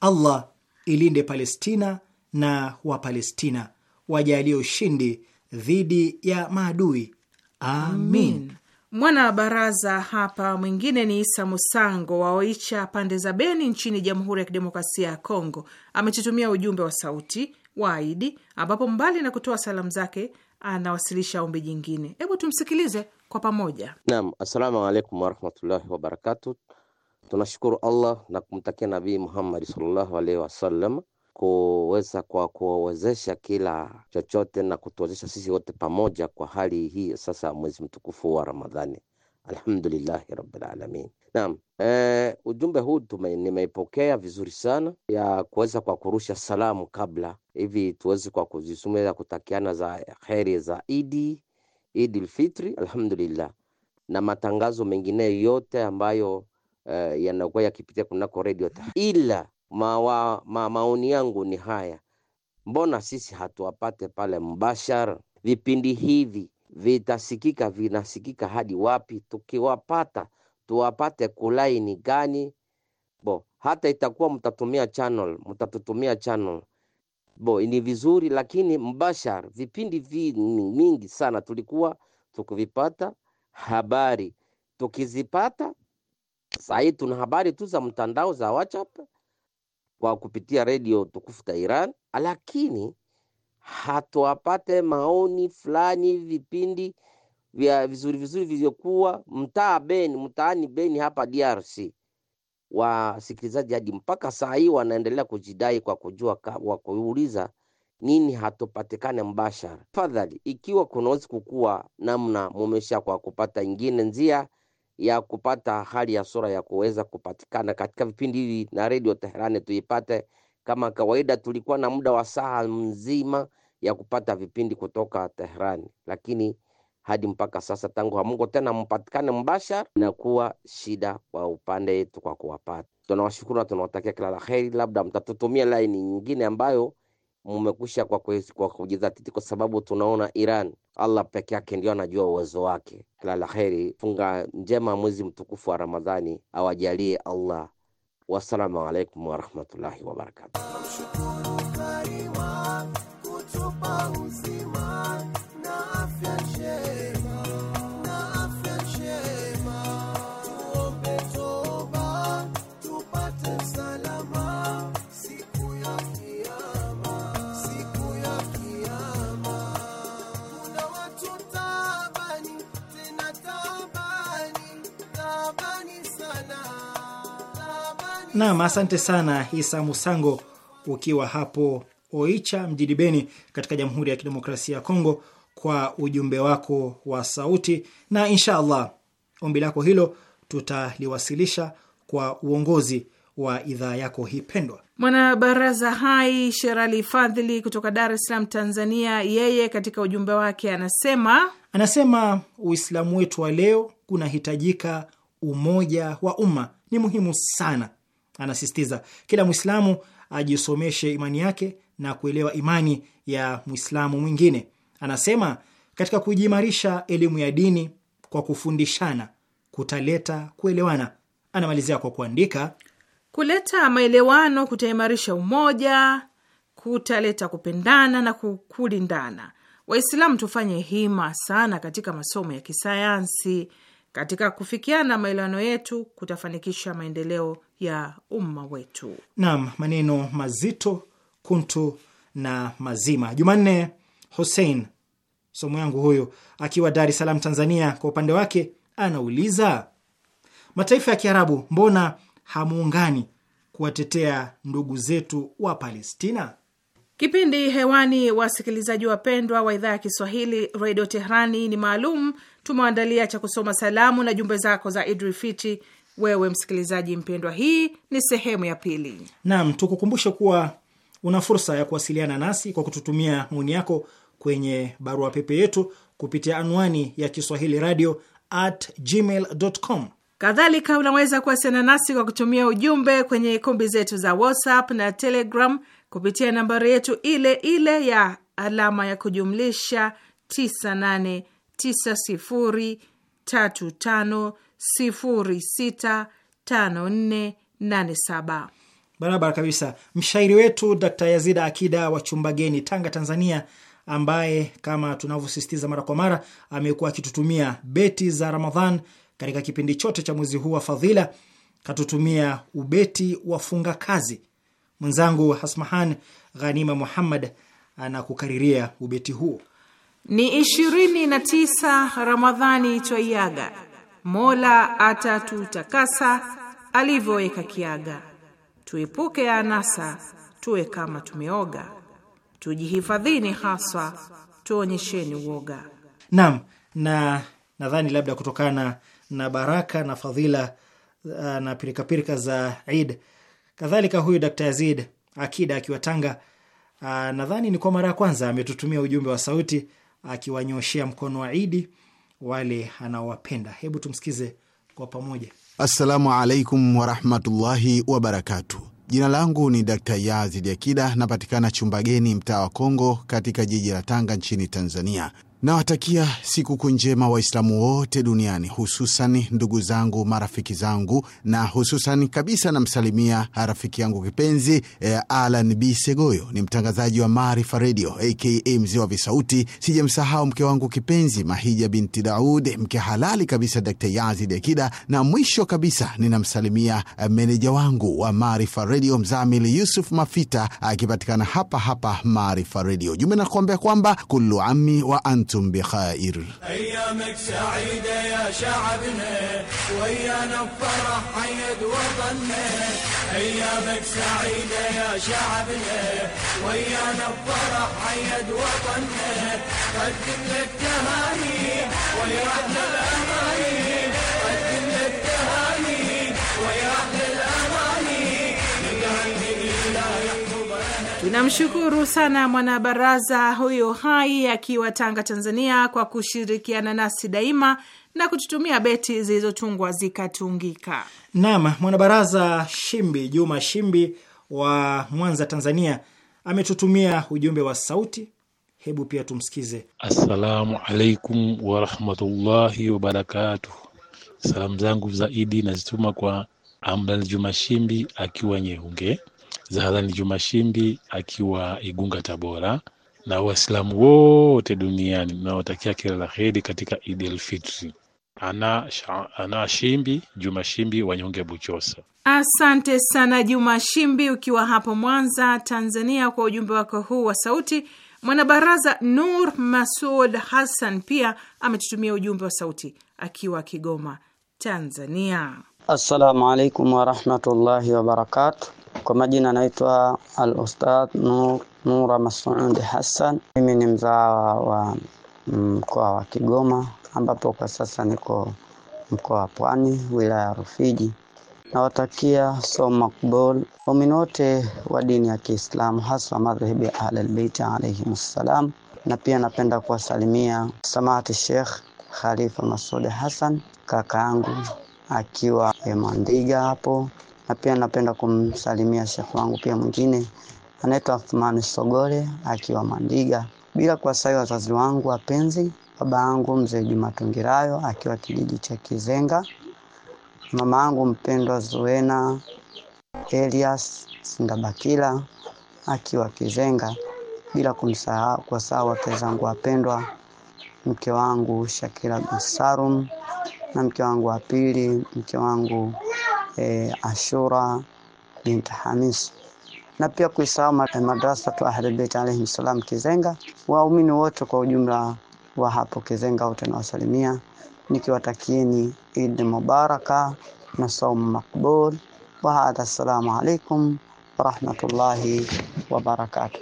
Allah ilinde Palestina na Wapalestina, wajalie ushindi dhidi ya maadui. Amin. Mwana baraza hapa mwingine ni Isa Musango wa Oicha, pande za Beni, nchini Jamhuri ya Kidemokrasia ya Kongo. Ametutumia ujumbe wa sauti wa Aidi, ambapo mbali na kutoa salamu zake anawasilisha ombi jingine. Hebu tumsikilize kwa pamoja. Naam, assalamu alaikum warahmatullahi wabarakatuh. Tunashukuru Allah na kumtakia Nabii Muhammad sallallahu alaihi wasallam kuweza kwa kuwezesha kila chochote na kutuwezesha sisi wote pamoja kwa hali hii sasa mwezi mtukufu wa Ramadhani. Alhamdulillahi rabbil alamin. Naam, e, ujumbe huu nimeipokea vizuri sana ya kuweza kwa kurusha salamu kabla hivi tuweze kwa kuzisumia kutakiana za kheri za Idi Idil Fitri, alhamdulillah, na matangazo mengine yote ambayo uh, yanakuwa yakipitia kunako redio. Ila wa, ma, maoni yangu ni haya, mbona sisi hatuwapate pale mbashara? Vipindi hivi vitasikika vinasikika hadi wapi? Tukiwapata tuwapate kulaini gani? Bo hata itakuwa mtatumia channel, mtatutumia channel bo ni vizuri, lakini mbashara vipindi vi mingi sana tulikuwa tukivipata habari tukizipata sasa hii tuna habari tu za mtandao za WhatsApp kwa kupitia redio tukufu ta Iran, lakini hatuwapate maoni fulani, vipindi vya vizuri vizuri vilivyokuwa mtaa ben mtaani Beni hapa DRC. Wasikilizaji hadi mpaka saa hii wanaendelea kujidai kwa kujua kwa kuuliza nini hatupatikane mbashara. fadhali ikiwa kunaweza kukuwa namna mumesha kwa kupata ingine njia ya kupata hali ya sura ya kuweza kupatikana katika vipindi hivi na redio Teherani tuipate. Kama kawaida, tulikuwa na muda wa saa mzima ya kupata vipindi kutoka Teherani, lakini hadi mpaka sasa tangu hamungo tena mpatikane mbashara, inakuwa shida kwa upande wetu kwa kuwapata. Tunawashukuru na tunawatakia kila la heri, labda mtatutumia laini nyingine ambayo mmekwisha kwa, kwa kujidhatiti, kwa sababu tunaona Iran, Allah peke yake ndio anajua uwezo wake. Kila la heri, funga njema, mwezi mtukufu wa Ramadhani awajalie Allah. Wassalamu alaikum warahmatullahi wabarakatuh. Naam, asante sana Isa Musango ukiwa hapo Oicha mjini Beni katika Jamhuri ya Kidemokrasia ya Kongo kwa ujumbe wako wa sauti, na insha allah ombi lako hilo tutaliwasilisha kwa uongozi wa idhaa yako hii pendwa. Mwanabaraza hai Sherali Fadhili kutoka Dar es Salaam, Tanzania, yeye katika ujumbe wake anasema anasema Uislamu wetu wa leo kunahitajika umoja wa umma, ni muhimu sana Anasisitiza kila Mwislamu ajisomeshe imani yake na kuelewa imani ya Mwislamu mwingine. Anasema katika kujiimarisha elimu ya dini kwa kufundishana kutaleta kuelewana. Anamalizia kwa kuandika, kuleta maelewano kutaimarisha umoja, kutaleta kupendana na kulindana. Waislamu tufanye hima sana katika masomo ya kisayansi. Katika kufikiana maelewano yetu kutafanikisha maendeleo ya umma wetu. Naam, maneno mazito kuntu na mazima. Jumanne Hussein somo yangu huyu akiwa Dar es Salaam, Tanzania, kwa upande wake anauliza mataifa ya Kiarabu, mbona hamuungani kuwatetea ndugu zetu wa Palestina? Kipindi hewani, wasikilizaji wapendwa wa idhaa ya Kiswahili Redio Tehrani, ni maalum tumewaandalia cha kusoma salamu na jumbe zako za Fiti wewe msikilizaji mpendwa. Hii ni sehemu ya pili. Naam, tukukumbushe kuwa una fursa ya kuwasiliana nasi kwa kututumia maoni yako kwenye barua pepe yetu kupitia anwani ya Kiswahili radio at gmail com. Kadhalika unaweza kuwasiliana nasi kwa kutumia ujumbe kwenye kumbi zetu za WhatsApp na Telegram kupitia nambari yetu ile ile ya alama ya kujumlisha 989035 065487 barabara kabisa. Mshairi wetu Dr. Yazida Akida wa Chumbageni, Tanga, Tanzania, ambaye kama tunavyosisitiza mara kwa mara amekuwa akitutumia beti za Ramadhan katika kipindi chote cha mwezi huu wa fadhila, katutumia ubeti wa funga kazi. Mwenzangu Hasmahan Ghanima Muhammad anakukariria ubeti huo. Ni ishirini na tisa Ramadhani twaiaga Mola atatutakasa alivyoweka kiaga, tuepuke anasa, tuwe kama tumeoga, tujihifadhini haswa, tuonyesheni uoga. Naam, na nadhani labda kutokana na baraka na fadhila eh, na pirikapirika za Eid kadhalika, huyu Dkt. Yazid Akida akiwa Tanga, eh, nadhani ni kwa mara ya kwanza ametutumia ujumbe wa sauti akiwanyoshea mkono wa Idi wale anaowapenda. Hebu tumsikize kwa pamoja. Assalamu alaikum warahmatullahi wabarakatuh. Jina langu ni Dakta Yazid Akida, napatikana chumba geni, mtaa wa Kongo, katika jiji la Tanga nchini Tanzania. Nawatakia sikukuu njema Waislamu wote duniani, hususan ndugu zangu, marafiki zangu, na hususan kabisa namsalimia rafiki yangu kipenzi eh, Alan B Segoyo. Ni mtangazaji wa Maarifa Redio aka mzee wa visauti. Sijemsahau mke wangu kipenzi Mahija binti Daud, mke halali kabisa Dr Yazid Akida, na mwisho kabisa ninamsalimia eh, meneja wangu wa Maarifa Redio Mzamili Yusuf Mafita akipatikana hapa hapa Maarifa Redio. Jumbe nakuambia kwamba kullu ami wa antu أنتم بخائر أيامك سعيدة يا شعبنا ويانا بفرح حيد وطننا أيامك سعيدة يا شعبنا ويانا بفرح حيد وطننا قدم لك تهاني ويعدنا الأماني Tunamshukuru sana mwanabaraza huyo hai akiwa Tanga, Tanzania, kwa kushirikiana nasi daima na kututumia beti zilizotungwa zikatungika. Naam, mwanabaraza Shimbi Juma Shimbi wa Mwanza, Tanzania, ametutumia ujumbe wa sauti. Hebu pia tumsikize. Assalamu alaikum warahmatullahi wabarakatuh. Salamu zangu zaidi nazituma kwa Amdan Juma Shimbi akiwa Nyeunge Zahalani Juma Shimbi akiwa Igunga, Tabora, na Waislamu wote duniani nawatakia kila la heri katika Eid el-Fitri. Ana, ana Shimbi Juma Shimbi Wanyonge, Buchosa. Asante sana Juma Shimbi ukiwa hapo Mwanza, Tanzania, kwa ujumbe wako huu wa sauti. Mwanabaraza Nur Masud Hassan pia ametutumia ujumbe wa sauti akiwa Kigoma, Tanzania. Assalamu alaikum warahmatullahi wabarakatuh. Kwa majina anaitwa Al-Ustadh Nur, Nura Masuudi Hassan. Mimi ni mzawa wa mkoa wa Kigoma ambapo kwa sasa niko mkoa wa Pwani, wilaya ya Rufiji. Nawatakia somo makbul waumini wote wa dini ya Kiislamu, hasa madhehebu ya Ahlulbeiti alayhimussalam, na pia napenda kuwasalimia samahati Sheikh Khalifa masudi Hassan kaka yangu akiwa Mandiga hapo na pia napenda kumsalimia shekhe wangu pia mwingine anaitwa Athmani Sogole akiwa Mandiga, bila kuwasahau wazazi wangu wapenzi, baba yangu mzee Juma Tungirayo akiwa kijiji cha Kizenga, mama yangu mpendwa Zuena Elias Singabakila akiwa Kizenga, bila kumsahau wake zangu wapendwa, mke wangu Shakira gusarum na mke wangu wa pili, mke wangu Eh, Ashura binti Hamis na pia kuisahau eh, madrasa tu Ahlul Bait alayhi salam Kizenga. Waumini wote kwa ujumla wa hapo Kizenga wote nawasalimia nikiwatakieni Eid Mubaraka na saumu makbul wa hadha. Assalamu alaykum wa rahmatullahi wa barakatuh.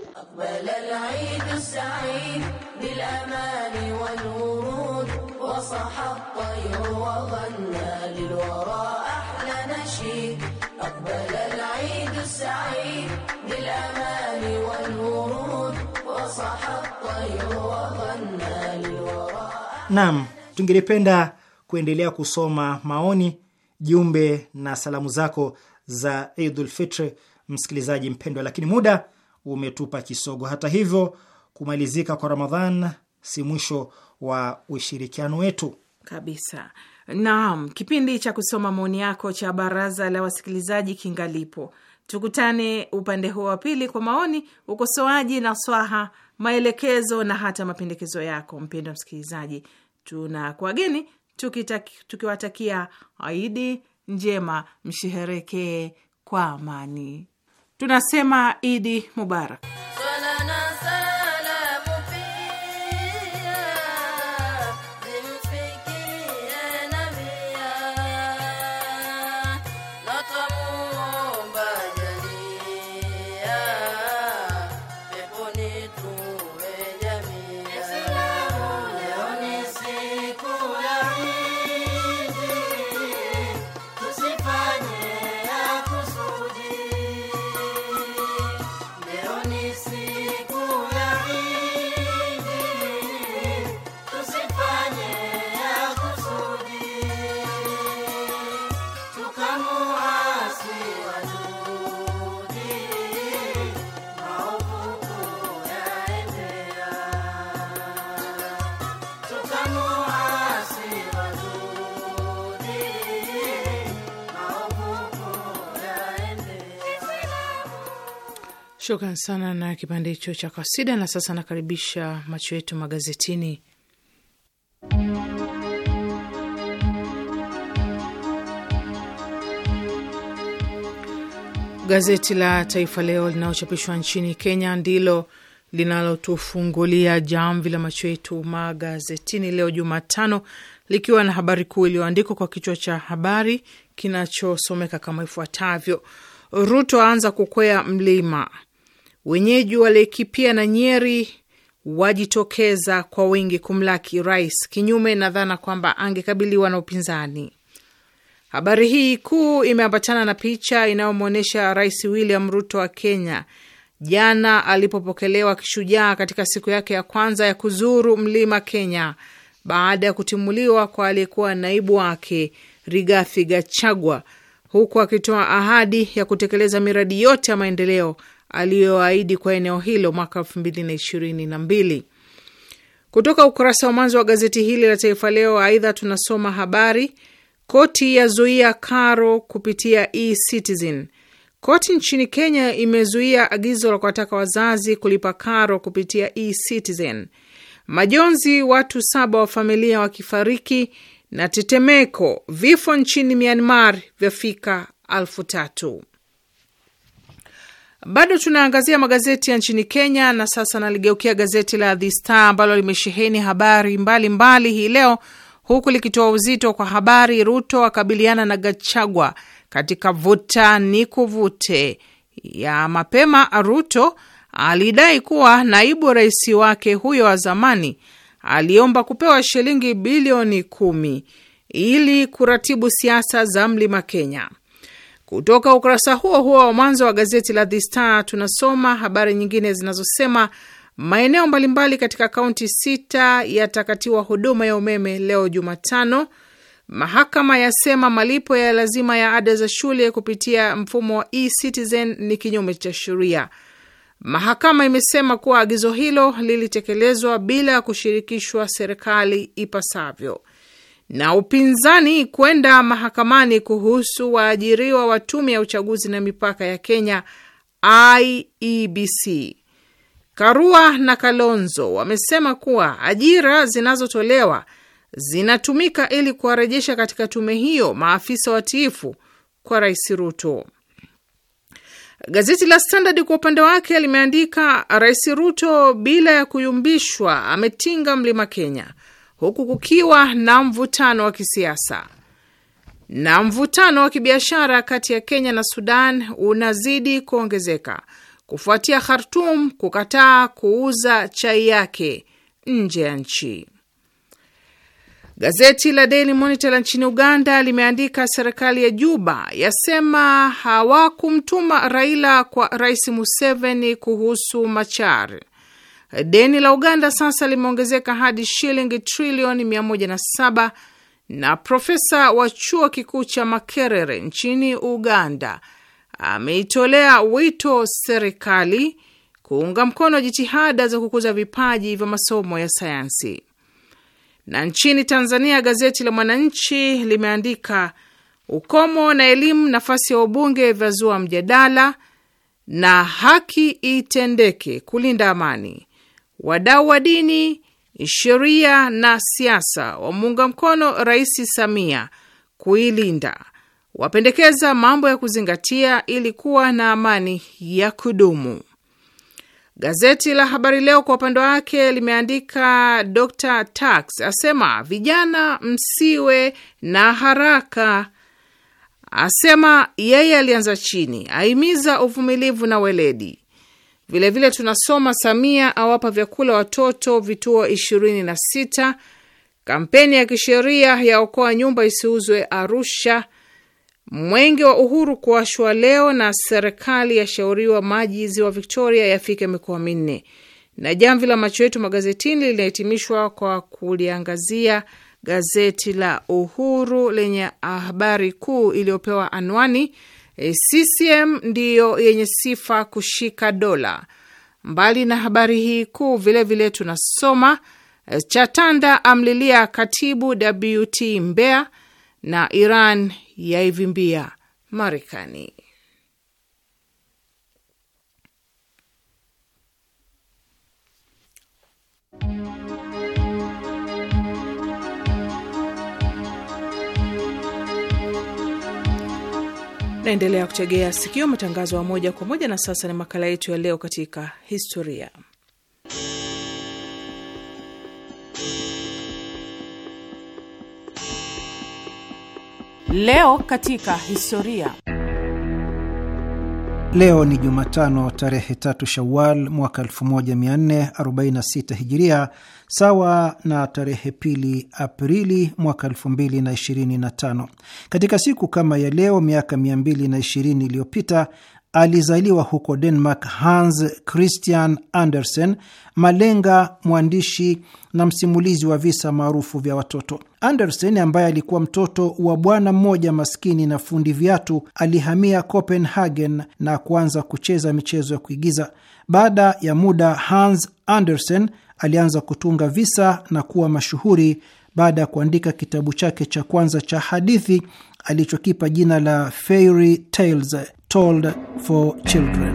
أقبل العيد السعيد بالأمان والورود وصح الطير وغنى tungelipenda kuendelea kusoma maoni, jumbe na salamu zako za Idul Fitri, msikilizaji mpendwa, lakini muda umetupa kisogo. Hata hivyo, kumalizika kwa Ramadhan si mwisho wa ushirikiano wetu kabisa. Naam, kipindi cha kusoma maoni yako cha baraza la wasikilizaji kingalipo. Tukutane upande huo wa pili kwa maoni, ukosoaji na swaha, maelekezo na hata mapendekezo yako, mpendwa msikilizaji. tuna kuwageni tukiwatakia aidi njema, msheherekee kwa amani. Tunasema Idi Mubarak. Shukran sana na kipande hicho cha kasida. Na sasa nakaribisha macho yetu magazetini. Gazeti la Taifa Leo linalochapishwa nchini Kenya ndilo linalotufungulia jamvi la macho yetu magazetini leo Jumatano, likiwa na habari kuu iliyoandikwa kwa kichwa cha habari kinachosomeka kama ifuatavyo: Ruto aanza kukwea mlima, wenyeji wa Laikipia na Nyeri wajitokeza kwa wingi kumlaki rais, kinyume na dhana kwamba angekabiliwa na upinzani. Habari hii kuu imeambatana na picha inayomwonyesha Rais William Ruto wa Kenya jana alipopokelewa kishujaa katika siku yake ya kwanza ya kuzuru mlima Kenya baada ya kutimuliwa kwa aliyekuwa naibu wake Rigathi Gachagua, huku akitoa ahadi ya kutekeleza miradi yote ya maendeleo aliyoahidi kwa eneo hilo mwaka elfu mbili na ishirini na mbili. Kutoka ukurasa wa mwanzo wa gazeti hili la Taifa Leo. Aidha tunasoma habari koti yazuia karo kupitia eCitizen. Koti nchini Kenya imezuia agizo la kuwataka wazazi kulipa karo kupitia eCitizen. Majonzi, watu saba wa familia wakifariki na tetemeko. Vifo nchini Myanmar vyafika alfu tatu. Bado tunaangazia magazeti ya nchini Kenya na sasa naligeukia gazeti la The Star ambalo limesheheni habari mbalimbali hii leo, huku likitoa uzito kwa habari Ruto akabiliana na Gachagwa katika vuta ni kuvute ya mapema. Ruto alidai kuwa naibu rais wake huyo wa zamani aliomba kupewa shilingi bilioni kumi ili kuratibu siasa za mlima Kenya. Kutoka ukurasa huo huo wa mwanzo wa gazeti la The Star tunasoma habari nyingine zinazosema maeneo mbalimbali katika kaunti sita yatakatiwa huduma ya umeme leo Jumatano. Mahakama yasema malipo ya lazima ya ada za shule kupitia mfumo wa eCitizen ni kinyume cha sheria. Mahakama imesema kuwa agizo hilo lilitekelezwa bila ya kushirikishwa serikali ipasavyo na upinzani kwenda mahakamani kuhusu waajiriwa wa tume ya uchaguzi na mipaka ya Kenya IEBC. Karua na Kalonzo wamesema kuwa ajira zinazotolewa zinatumika ili kuwarejesha katika tume hiyo maafisa watiifu kwa Rais Ruto. Gazeti la Standard kwa upande wake limeandika, Rais Ruto bila ya kuyumbishwa ametinga mlima Kenya huku kukiwa na mvutano wa kisiasa na mvutano wa kibiashara kati ya Kenya na Sudan unazidi kuongezeka kufuatia Khartum kukataa kuuza chai yake nje ya nchi. Gazeti la Daily Monitor la nchini Uganda limeandika serikali ya Juba yasema hawakumtuma Raila kwa Rais Museveni kuhusu Machar. Deni la Uganda sasa limeongezeka hadi shilingi trilioni 107 na profesa wa chuo kikuu cha Makerere nchini Uganda ameitolea wito serikali kuunga mkono jitihada za kukuza vipaji vya masomo ya sayansi. Na nchini Tanzania, gazeti la Mwananchi limeandika ukomo na elimu, nafasi ya ubunge vyazua mjadala, na haki itendeke kulinda amani. Wadau wa dini, sheria na siasa wamuunga mkono Rais Samia kuilinda, wapendekeza mambo ya kuzingatia ili kuwa na amani ya kudumu. Gazeti la Habari Leo kwa upande wake limeandika Dr Tax asema vijana msiwe na haraka, asema yeye alianza chini, ahimiza uvumilivu na weledi Vilevile vile tunasoma Samia awapa vyakula watoto vituo ishirini na sita Kampeni ya kisheria ya okoa nyumba isiuzwe Arusha. Mwenge wa uhuru kuwashwa leo, na serikali yashauriwa maji ziwa Victoria yafike mikoa minne. Na jamvi la macho yetu magazetini linahitimishwa kwa kuliangazia gazeti la Uhuru lenye habari kuu iliyopewa anwani Eh, CCM ndiyo yenye sifa kushika dola. Mbali na habari hii kuu, vilevile tunasoma eh, Chatanda amlilia katibu WT Mbeya na Iran yaivimbia Marekani. Naendelea kutegea sikio matangazo ya moja kwa moja, na sasa ni makala yetu ya leo katika historia. Leo katika historia. Leo ni Jumatano tarehe tatu Shawal mwaka 1446 Hijiria, sawa na tarehe pili Aprili mwaka 2025. Katika siku kama ya leo miaka 220 iliyopita alizaliwa huko Denmark Hans Christian Andersen, malenga, mwandishi na msimulizi wa visa maarufu vya watoto. Andersen ambaye alikuwa mtoto wa bwana mmoja maskini na fundi viatu, alihamia Copenhagen na kuanza kucheza michezo ya kuigiza. Baada ya muda, Hans Andersen alianza kutunga visa na kuwa mashuhuri baada ya kuandika kitabu chake cha kwanza cha hadithi alichokipa jina la Fairy Tales. Told for Children.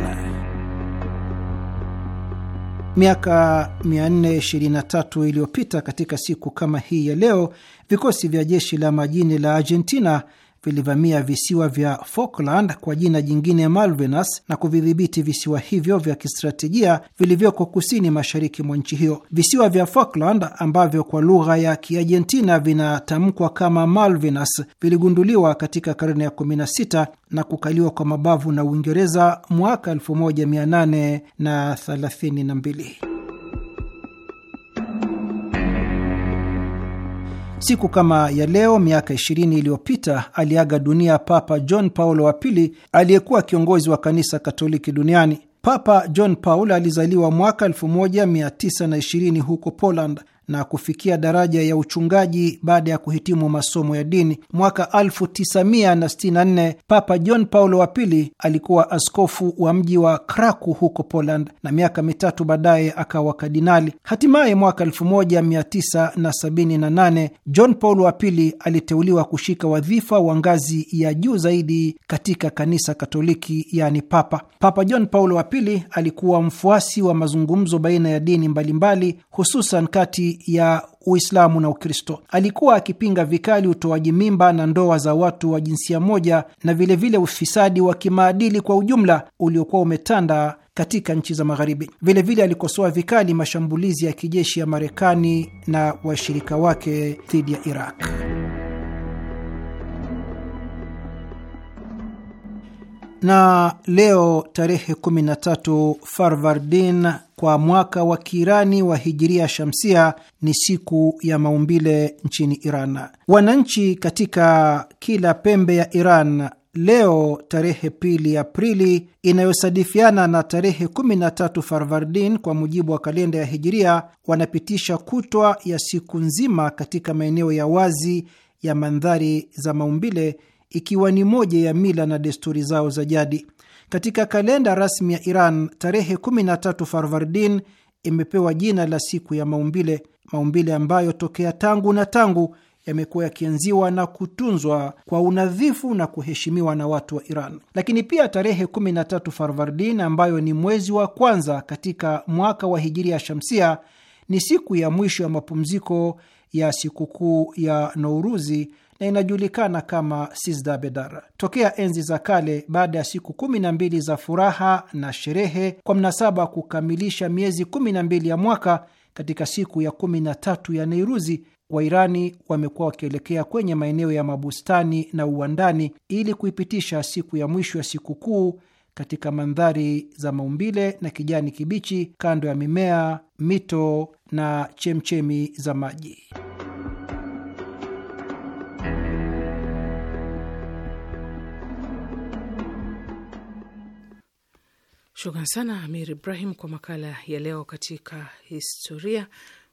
Miaka 423 iliyopita katika siku kama hii ya leo, vikosi vya jeshi la majini la Argentina vilivamia visiwa vya Falkland kwa jina jingine Malvinas na kuvidhibiti visiwa hivyo vya kistratejia vilivyoko kusini mashariki mwa nchi hiyo. Visiwa vya Falkland ambavyo kwa lugha ya Kiargentina vinatamkwa kama Malvinas viligunduliwa katika karne ya 16 na kukaliwa kwa mabavu na Uingereza mwaka 1832. Siku kama ya leo miaka 20 iliyopita aliaga dunia Papa John Paulo wa pili aliyekuwa kiongozi wa kanisa Katoliki duniani. Papa John Paul alizaliwa mwaka 1920 huko Poland na kufikia daraja ya uchungaji baada ya kuhitimu masomo ya dini. Mwaka 1964 Papa John Paulo wa pili alikuwa askofu wa mji wa Kraku huko Poland, na miaka mitatu baadaye akawa kardinali. Hatimaye mwaka 1978 John Paulo wa pili aliteuliwa kushika wadhifa wa ngazi ya juu zaidi katika kanisa Katoliki, yani papa. Papa John Paulo wa pili alikuwa mfuasi wa mazungumzo baina ya dini mbalimbali, hususan kati ya Uislamu na Ukristo. Alikuwa akipinga vikali utoaji mimba na ndoa za watu wa jinsia moja na vilevile vile ufisadi wa kimaadili kwa ujumla uliokuwa umetanda katika nchi za Magharibi. Vilevile alikosoa vikali mashambulizi ya kijeshi ya Marekani na washirika wake dhidi ya Iraq. na leo tarehe 13 Farvardin kwa mwaka wa Kiirani wa hijiria shamsia ni siku ya maumbile nchini Iran. Wananchi katika kila pembe ya Iran leo tarehe pili Aprili inayosadifiana na tarehe 13 Farvardin kwa mujibu wa kalenda ya hijiria, wanapitisha kutwa ya siku nzima katika maeneo ya wazi ya mandhari za maumbile ikiwa ni moja ya mila na desturi zao za jadi. Katika kalenda rasmi ya Iran, tarehe 13 Farvardin imepewa jina la siku ya maumbile, maumbile ambayo tokea tangu na tangu yamekuwa yakianziwa na kutunzwa kwa unadhifu na kuheshimiwa na watu wa Iran. Lakini pia tarehe 13 Farvardin ambayo ni mwezi wa kwanza katika mwaka wa hijiria shamsia ni siku ya mwisho ya mapumziko ya sikukuu ya Nouruzi na inajulikana kama Sizda Tokea enzi za kale, baada ya siku kumi na mbili za furaha na sherehe kwa mnasaba kukamilisha miezi kumi na mbili ya mwaka, katika siku ya kumi na tatu ya Neiruzi Wairani wamekuwa wakielekea kwenye maeneo ya mabustani na uwandani ili kuipitisha siku ya mwisho ya sikukuu katika mandhari za maumbile na kijani kibichi, kando ya mimea, mito na chemchemi za maji. Shukran sana Amir Ibrahim kwa makala ya leo katika historia.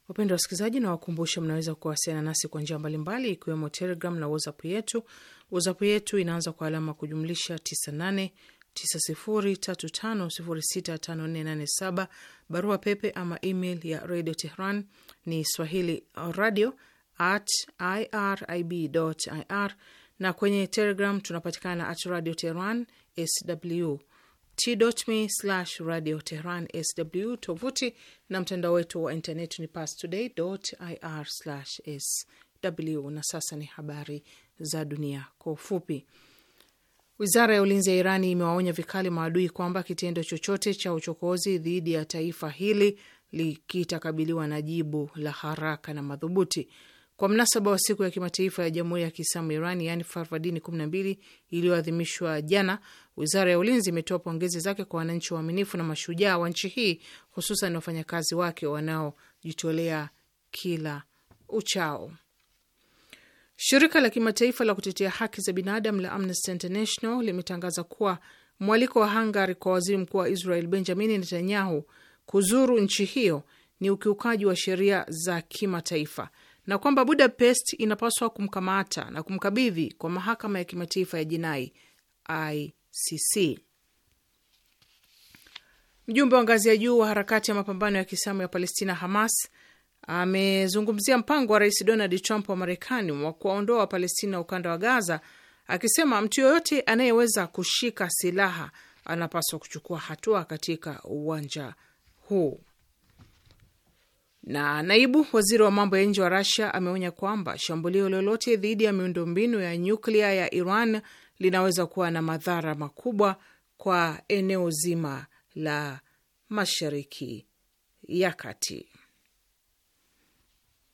Wapendwa wasikilizaji, na wakumbushe, mnaweza kuwasiliana nasi kwa njia mbalimbali, ikiwemo Telegram na WhatsApp yetu. WhatsApp yetu inaanza kwa alama kujumlisha 989035065487. Barua pepe ama email ya Radio Tehran ni swahili radio at irib ir, na kwenye Telegram tunapatikana at Radio Tehran sw t.me slash radio Tehran sw, tovuti na mtandao wetu wa intaneti ni pastoday.ir sw. Na sasa ni habari za dunia kwa ufupi. Wizara ya ulinzi ya Irani imewaonya vikali maadui kwamba kitendo chochote cha uchokozi dhidi ya taifa hili likitakabiliwa na jibu la haraka na madhubuti. Kwa mnasaba wa siku ya kimataifa ya jamhuri ya Kiislamu Irani, yaani Farvardini 12 iliyoadhimishwa jana, Wizara ya ulinzi imetoa pongezi zake kwa wananchi waaminifu na mashujaa wa nchi hii, hususan wafanyakazi wake wanaojitolea kila uchao. Shirika la kimataifa la kutetea haki za binadamu la Amnesty International limetangaza kuwa mwaliko wa Hungary kwa waziri mkuu wa Israel Benjamin Netanyahu kuzuru nchi hiyo ni ukiukaji wa sheria za kimataifa na kwamba Budapest inapaswa kumkamata na kumkabidhi kwa mahakama ya kimataifa ya jinai CC. Mjumbe wa ngazi ya juu wa harakati ya mapambano ya kiislamu ya Palestina, Hamas, amezungumzia mpango wa Rais Donald Trump wa Marekani wa kuwaondoa Wapalestina ukanda wa Gaza, akisema mtu yoyote anayeweza kushika silaha anapaswa kuchukua hatua katika uwanja huu. Na naibu waziri wa mambo ya nje wa rusia ameonya kwamba shambulio lolote dhidi ya miundombinu ya nyuklia ya Iran linaweza kuwa na madhara makubwa kwa eneo zima la Mashariki ya Kati